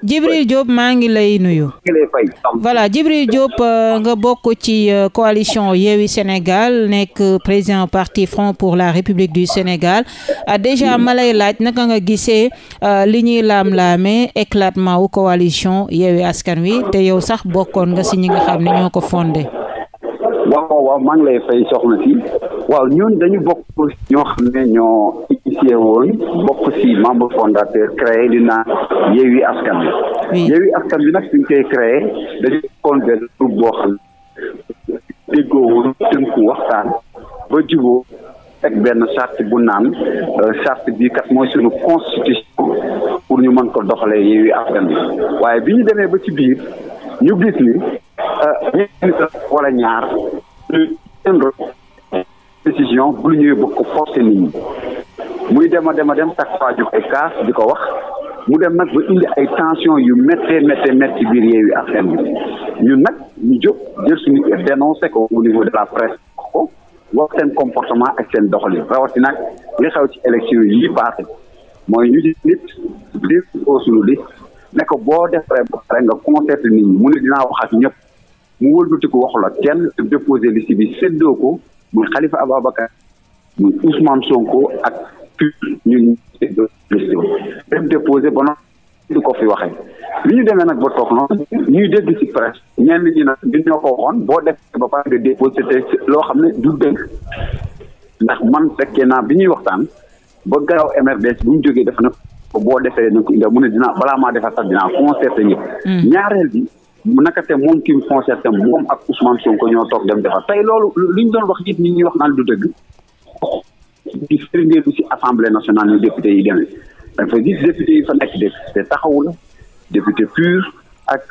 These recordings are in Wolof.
Djibril Diop maa ngi lay nuyu voilà Djibril Diop euh, nga bokk ci euh, coalition Yewwi Sénégal nekk euh, président parti Front pour la République du Sénégal ah, déjà ma lay laaj naka nga gisee li ñuy laam-laame éclatement wu coalition Yewwi Askan Wi te yow sax bokkoon nga si ñi nga xam ne ñoo ko fondé initié woon bokk ci membre fondateur créé li naan Yewwi Askan Wi Yewwi Askan Wi nag suñ koy créé dañu kon benn groupe boo tënku waxtaan ba juboo ak benn charte bu naan euh, charte bii kat mooy suñu constitution pour ñu mën ko doxalee Yewwi Askan Wi waaye bi ñu demee ba ci biir ñu gis ni euh, ñeent wala ñaar décision bu ñëwee bëgg ko forcer nit ñi muy dem a dem a dem chaque fois jox ay kaas di ko wax mu dem nag ba indi ay tension yu méttee méttee métti biir Yewwi Askan Wi ñun nag ñu jóg jël suñu dénoncé ko au de la presse ko wax seen comportement ak seen doxalin rawatina nag li ci élection yi passé mooy ñu di nit ne ko boo defee ba pare nga concerté nit ñi mu ne dinaa wax ak ñëpp mu wëlbatiku waxu la kenn déposé liste bi séddoo ko muy Khalifa Ababacar muy Ousmane Sonko ak pu ñun question même déposé ba noonu di ko fi waxee li ñu demee nag ba toog noonu ñuy dégg ci presse ñenn ñi nag bi ñoo ko waxoon boo defee ba pare de déposé te loo xam ne du dëgg ndax man fekkee naa bi ñuy waxtaan ba garaw MRDS bu mu jógee def na ko boo defee na ko indi mu ne dinaa balaa maa defar sax dinaa concerté ñëpp hmm. ñaareel bi mu naka te moom ki mu concerté moom ak Ousmane Sonko ñoo toog dem defar tey loolu li ñu doon wax nit ñuy wax du dëgg di firndeelu ci assemblée nationale ni député yi demee da gis député yi fa nekk député taxawu la député pur ak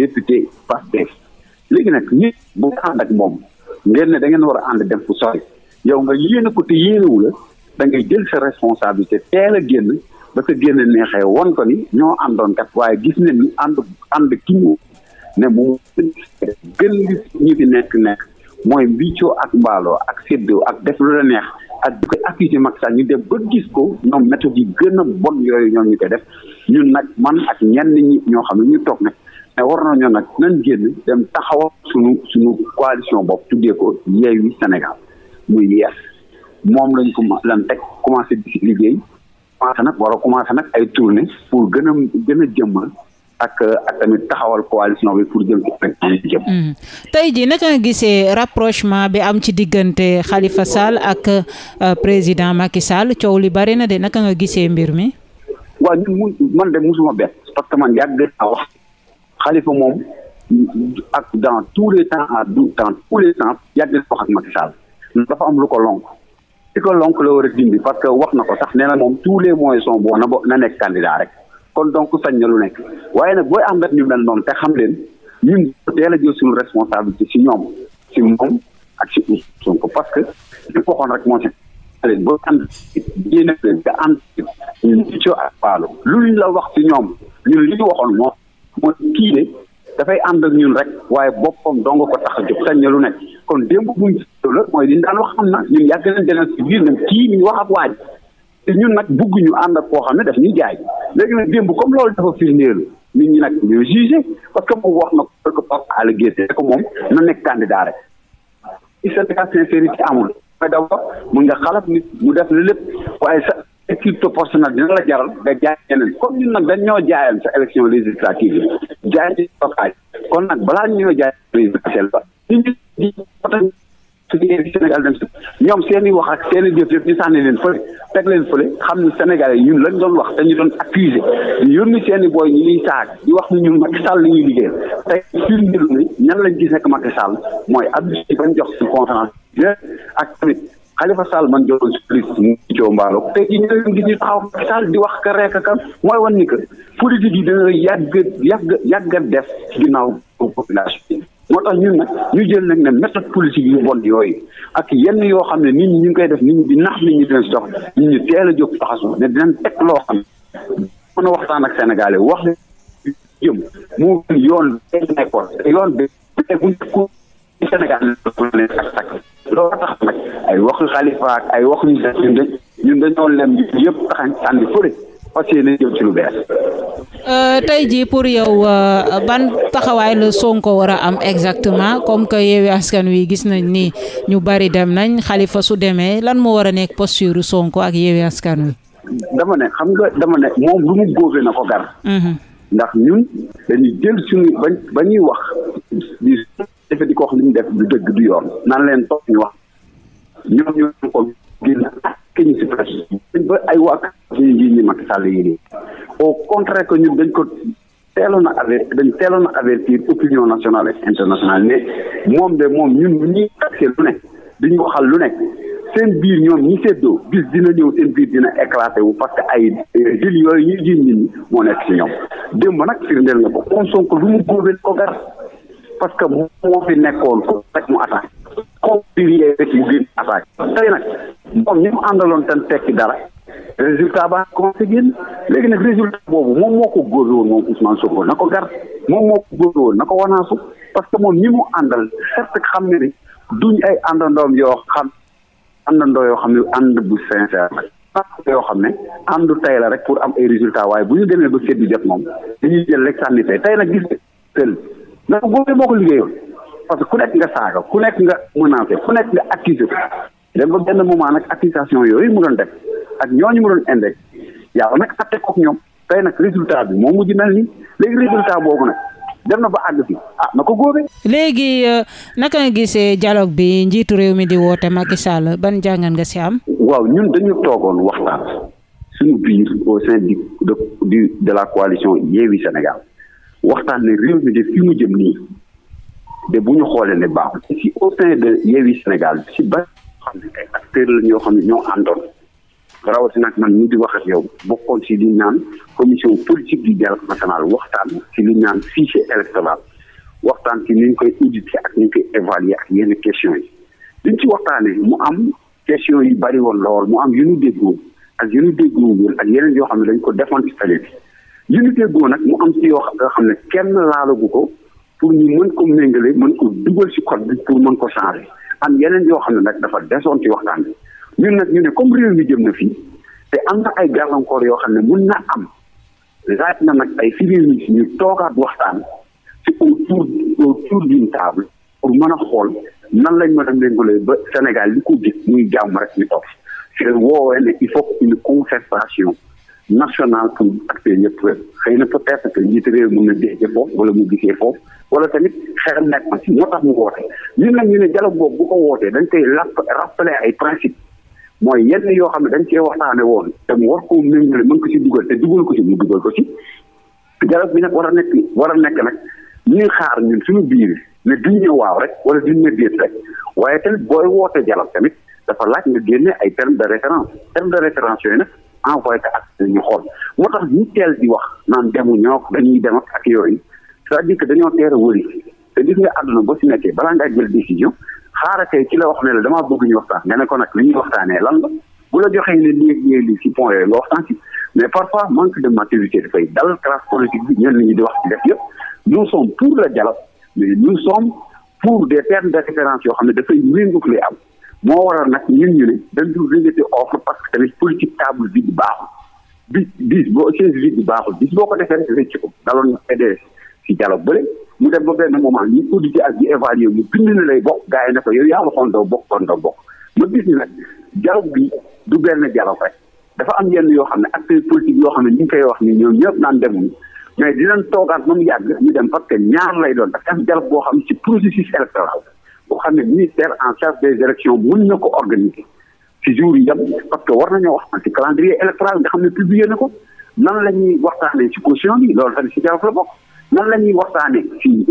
député Pastef léegi nag nit bu ànd ak moom ngeen ne da ngeen war a ànd dem fu sori yow nga yéene ko te yéenewu dangay jël sa responsabilité teel a génn ba sa génn neexee won ko ni ñoo àndoon kat waaye gis ne ni ànd ànd ki mu ne mu gën li fi nekk nekk mooy mbiccoo ak mbaaloo ak séddoo ak def lu la neex ak di koy accuser Macky Sall ñu dem ba gis ko ñoom méthode yi gën a bon yooyu ñoom ñu koy def ñun nag man ak ñenn ñi ñoo xam ne ñu toog nag mais war nañoo nag nañ génn dem taxawal suñu suñu coalition bopp tuddee ko Yewwi Sénégal muy yees moom lañ ko lan teg commencé di liggéey commencé nag war a commencé nag ay tournée pour gën a gën a jëmmal ak ak tamit taxawal coalition bi pour jëm hmm. tey jii naka nga gisee rapprochement bi am ci diggante xalifa Sall ak euh, président Macky Sall coow li bari na de naka nga gisee mbir mi. waaw ñun man de musuma bett parce que man yàgg naa wax moom ak dans tous les temps à dans tous les temps yàgg naa wax ak Macky Sall dafa am lu ko lonk li ko lonk la war a dindi parce que wax na ko sax nee na moom tous les moyens sont bons na nekk candidat rek. kon donc sañ na lu nekk waaye nag booy ànd ak ñu mel noonu te xam leen ñun teel a jël suñu responsabilité si ñoom si moom ak si Sonko parce que li waxoon rek moo si leen booy ànd génne leen nga ànd ñu coo wax si ñoom li ñu waxoon moo dafay ànd ak ñun rek waaye boppam dong ko tax a jóg sañ na lu nekk kon démb bu la mooy li ñu wax xam na ñun yàgg nañ danañ si biir nag kii ñu wax ak waaj te ñun nag bugg ànd ak koo xam ne daf ñuy jaay léegi nag démb comme loolu dafa firndéelu nit ñi nag ñoo jugé parce que moom wax na ko quelque part à la Guèye ko moom na nekk candidat rek. Sénégal sincérité amul mooy d'abord mun nga xalaat nit mu def la lépp waaye sa équipe personnel dina la jaral nga jaay ñeneen comme ñun nag dañ ñoo jaayoon sa élection législative yi jaay ci locale kon nag balaa ñoo jaay présidentielle ba. suñu yéen Sénégal dem si ñoom seen i wax ak seen i jëf yëpp ñu sànni leen fële teg leen fële xam ne Sénégalais ñun lañ doon wax dañu doon accusé i booy ñu ñuy saag di wax la ñuy liggéeyal tey firndeel ni ñan lañ gis nekk Macky Sall mooy abdou si bañ jox si conférence ak tamit Khalifa Sall man joxoon si plus mu coow mbaalo tey jii ñu leen gis ñu taxaw Macky Sall di wax ka rek kan mooy wan ni que politique yi dana yàgg yàgg yàgg def ginnaaw population moo tax ñun nag ñu jël nag ne méthode politique yu bon yooyu ak yenn yoo xam ne nit ñi ñu ngi koy def nit ñi di nax nit ñi di leen sox nit ñi teel a jóg taxasu ne dinañ teg loo xam ne mën a waxtaan ak Sénégalais wax jëm mu yoon bi nekkoon yoon bi bu nekku Sénégal leen ak takk loolu tax nag ay waxu Xalifa ak ay waxu ñu ñun dañoo lem yëpp taxañ sànni fële fas yéene jëm ci lu bees. Euh, tey jii pour yow euh, ban taxawaay la Sonko war a am exactement comme que Yewwi Askan Wi gis nañ ni ñu bari dem nañ xalifa su demee lan moo war a nekk posture Sonko ak Yewwi Askan Wi. dama ne xam nga dama ne moom lu mu góobee na ko gar. Mhm. ndax ñun dañuy jël suñu ba ñuy wax di ko wax li ñu def du dëgg du yoon nan leen toog ñu wax ñoom ñoo ko génn ak ñu si presse ba ay waa suñu njiit ñi Macky Sall yi nii au contraire que ñun dañ ko teeloon a avertir dañ teeloon a avertir opinion nationale et internationale ne moom de moom ñun ñu taxé lu nekk duñu waxal lu nekk seen biir ñoom ñi séddoo bis dina ñëw seen biir dina éclaté wu parce que ay jil yooyu ñuy jiiñ nit ñi moo nekk ci ñoom démb nag firndeel na ko kon Sonko lu mu góobee ko gar parce que moo fi nekkoon ko rek mu attaque ko biir yee rek mu génn attaque tey nag moom ñu mu àndaloon tan tekki dara résultat ba commencé génn léegi nag résultat boobu moom moo ko góose woon moom Ousmane Sonko na ko gar moom moo ko góose woon na ko wanaasu parce que moom ñi mu àndal certes xam ne ni duñ ay àndandoom yoo xam àndandoo yoo xam ne ànd bu sincère la yoo xam ne àndu tay la rek pour am ay résultat waaye bu ñu demee ba seet bi jot moom dañuy jël rek sànni fee tey nag gis tël na ko góose moo ko liggéeyoon parce que ku nekk nga ku nekk nga menacé ku nekk nga accusé dem ba benn moment nag accusation yooyu mu doon def ak ñooñu mu doon indee yàlla nag atte kook ñoom tey nag résultat bi moo mujj mel nii léegi résultat boobu nag dem na ba àgg fi ah na ko góobee. léegi euh, naka nga gisee dialogue bi njiitu réew mi di woote Macky Sall ban jàngat nga si am. waaw ñun dañu toogoon waxtaan suñu biir au sein de de la coalition Yewwi Sénégal waxtaan ne réew mi de fi mu jëm nii de bu ñu xoolee ne baaxul. si au sein de Yewwi Sénégal xam ne ay acteurs lañ yoo xam ne ñoo àndoon rawatina nag man ñu di wax ak yow bokkoon ci li naan commission politique di dialogue national waxtaan ci li naan fichier électoral waxtaan ci ni ñu koy auditer ak ni ñu koy évaluer ak yenn question yi liñ ci waxtaanee mu am question yu bari woon lool mu am yu ñu déggoo ak yu ñu déggoo ak yeneen yoo xam ne dañ ko defoon ci bi yu ñu déggoo nag mu am ci yoo xam ne kenn laalagu ko pour ñu mën ko méngale mën ko dugal ci code bi mën ko changer am yeneen yoo xam ne nag dafa desoon ci waxtaan bi nag ñu ne comme réew mi jëm na fii te am na ay gàllankoor yoo xam ne mun na am laaj na nag ay fi réew ñu toogaat waxtaan ci autour autour d'une table pour mën a xool nan lañ mën a méngalee ba Sénégal li ko gis muy jàmm rek ñu toog ci woowee ne il faut une concertation national pour acteurs yëpp xëy na peut-être que reew réew mën na déggee foofu wala mu gisee foofu wala tamit xel nekk na si moo tax mu woote ñun nag ñu ne dialogue boobu bu ko wootee dañ koy rappeler ay principe mooy yenn yoo xam ne dañ cee waxtaane woon te mu war koo méngale mën ko si dugal te dugal ko si mu dugal ko si dialogue bi nag war a nekk war nekk nag ñuy xaar ñun suñu biir ne duñ waaw rek wala duñ ne déet rek waaye tamit booy woote dialogue tamit dafa laaj nga génne ay termes de référence termes envoyé ko ak ñu xool moo tax ñu teel di wax naan demu ñoo dañuy dem ak yooyu c'est-à-dire que dañoo teel a wëri te gis nga àdduna boo si nekkee balaa ngaa jël décision xaaral kay ci la wax ne la damaa bëgg ñu waxtaan nga ne ko nag li ñuy waxtaanee lan la bu la joxee ne léeg-léeg li si point yooyu mais parfois manque de maturité dafay dal classe politique bi ñenn ñi di wax ci def yëpp nous sommes pour le dialogue mais nous sommes pour des termes de référence yoo xam ne dafay méngoo ak li am. moo waral nag ñun ñu ne dañ doon rejeté offre parce que tamit politique table vide baaxul bis bis boo chaise vide baaxul bis boo ko defee rek ci ko daloon na PDS si dialogue bële mu dem ba benn moment ñu audité ak ñu évalué mu bind na lay bokk gars yi ne ko yow yaa waxoon doo bokk kon doo bokk ma gis ni nag dialogue bi du benn dialogue rek dafa am yenn yoo xam ne acteurs politiques yoo xam ne ñu ngi koy wax ni ñoom ñëpp naan dem demuñu mais dinañ toogaat ba yàgg ñu dem parce que ñaar lay doon dafa am dialogue boo xam ne ci processus électoral boo xam ne ministère en charge des élections mën na ko organiser ci jour yi yam parce que war nañoo wax ci calendrier électoral nga xam ne publié ne ko nan la ñuy waxtaanee si caution bi loolu tamit ci dialogue la bokk nan la ñuy waxtaanee ci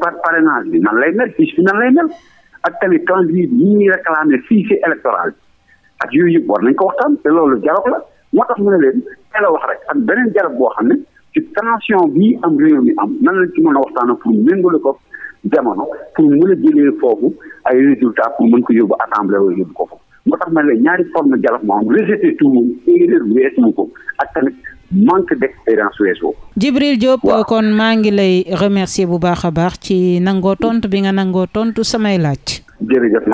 par parrainage bi nan lay mel fiche bi nan lay mel ak tamit calendrier bi ñi ñuy réclamer fichier électoral ak yooyu yëpp nañ ko waxtaan te loolu dialogue la moo tax mu ne leen teel a wax ak beneen dialogue boo xam ne ci tension bii am réew mi am nan lañ ci mën a waxtaanee pour méngale ko jamono pour mën a jëlee foofu ay résultats pour mën ko yóbbu assemblée wala yóbbu ko foofu moo tax ma ne ñaari na dialogue moo am rejeté tout moom erreur weesu ko ak tamit manque d'expérience weesu ko. Djibril kon maa ngi lay remercier bu baax a baax ci nangoo tontu bi nga nangoo tontu samay laaj. jërëjëf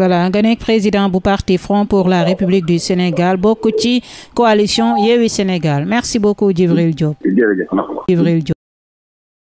voilà nga nekk président bu parti Front pour la République du Sénégal bokk ci coalition Yewwi Sénégal merci beaucoup Djibril Diop.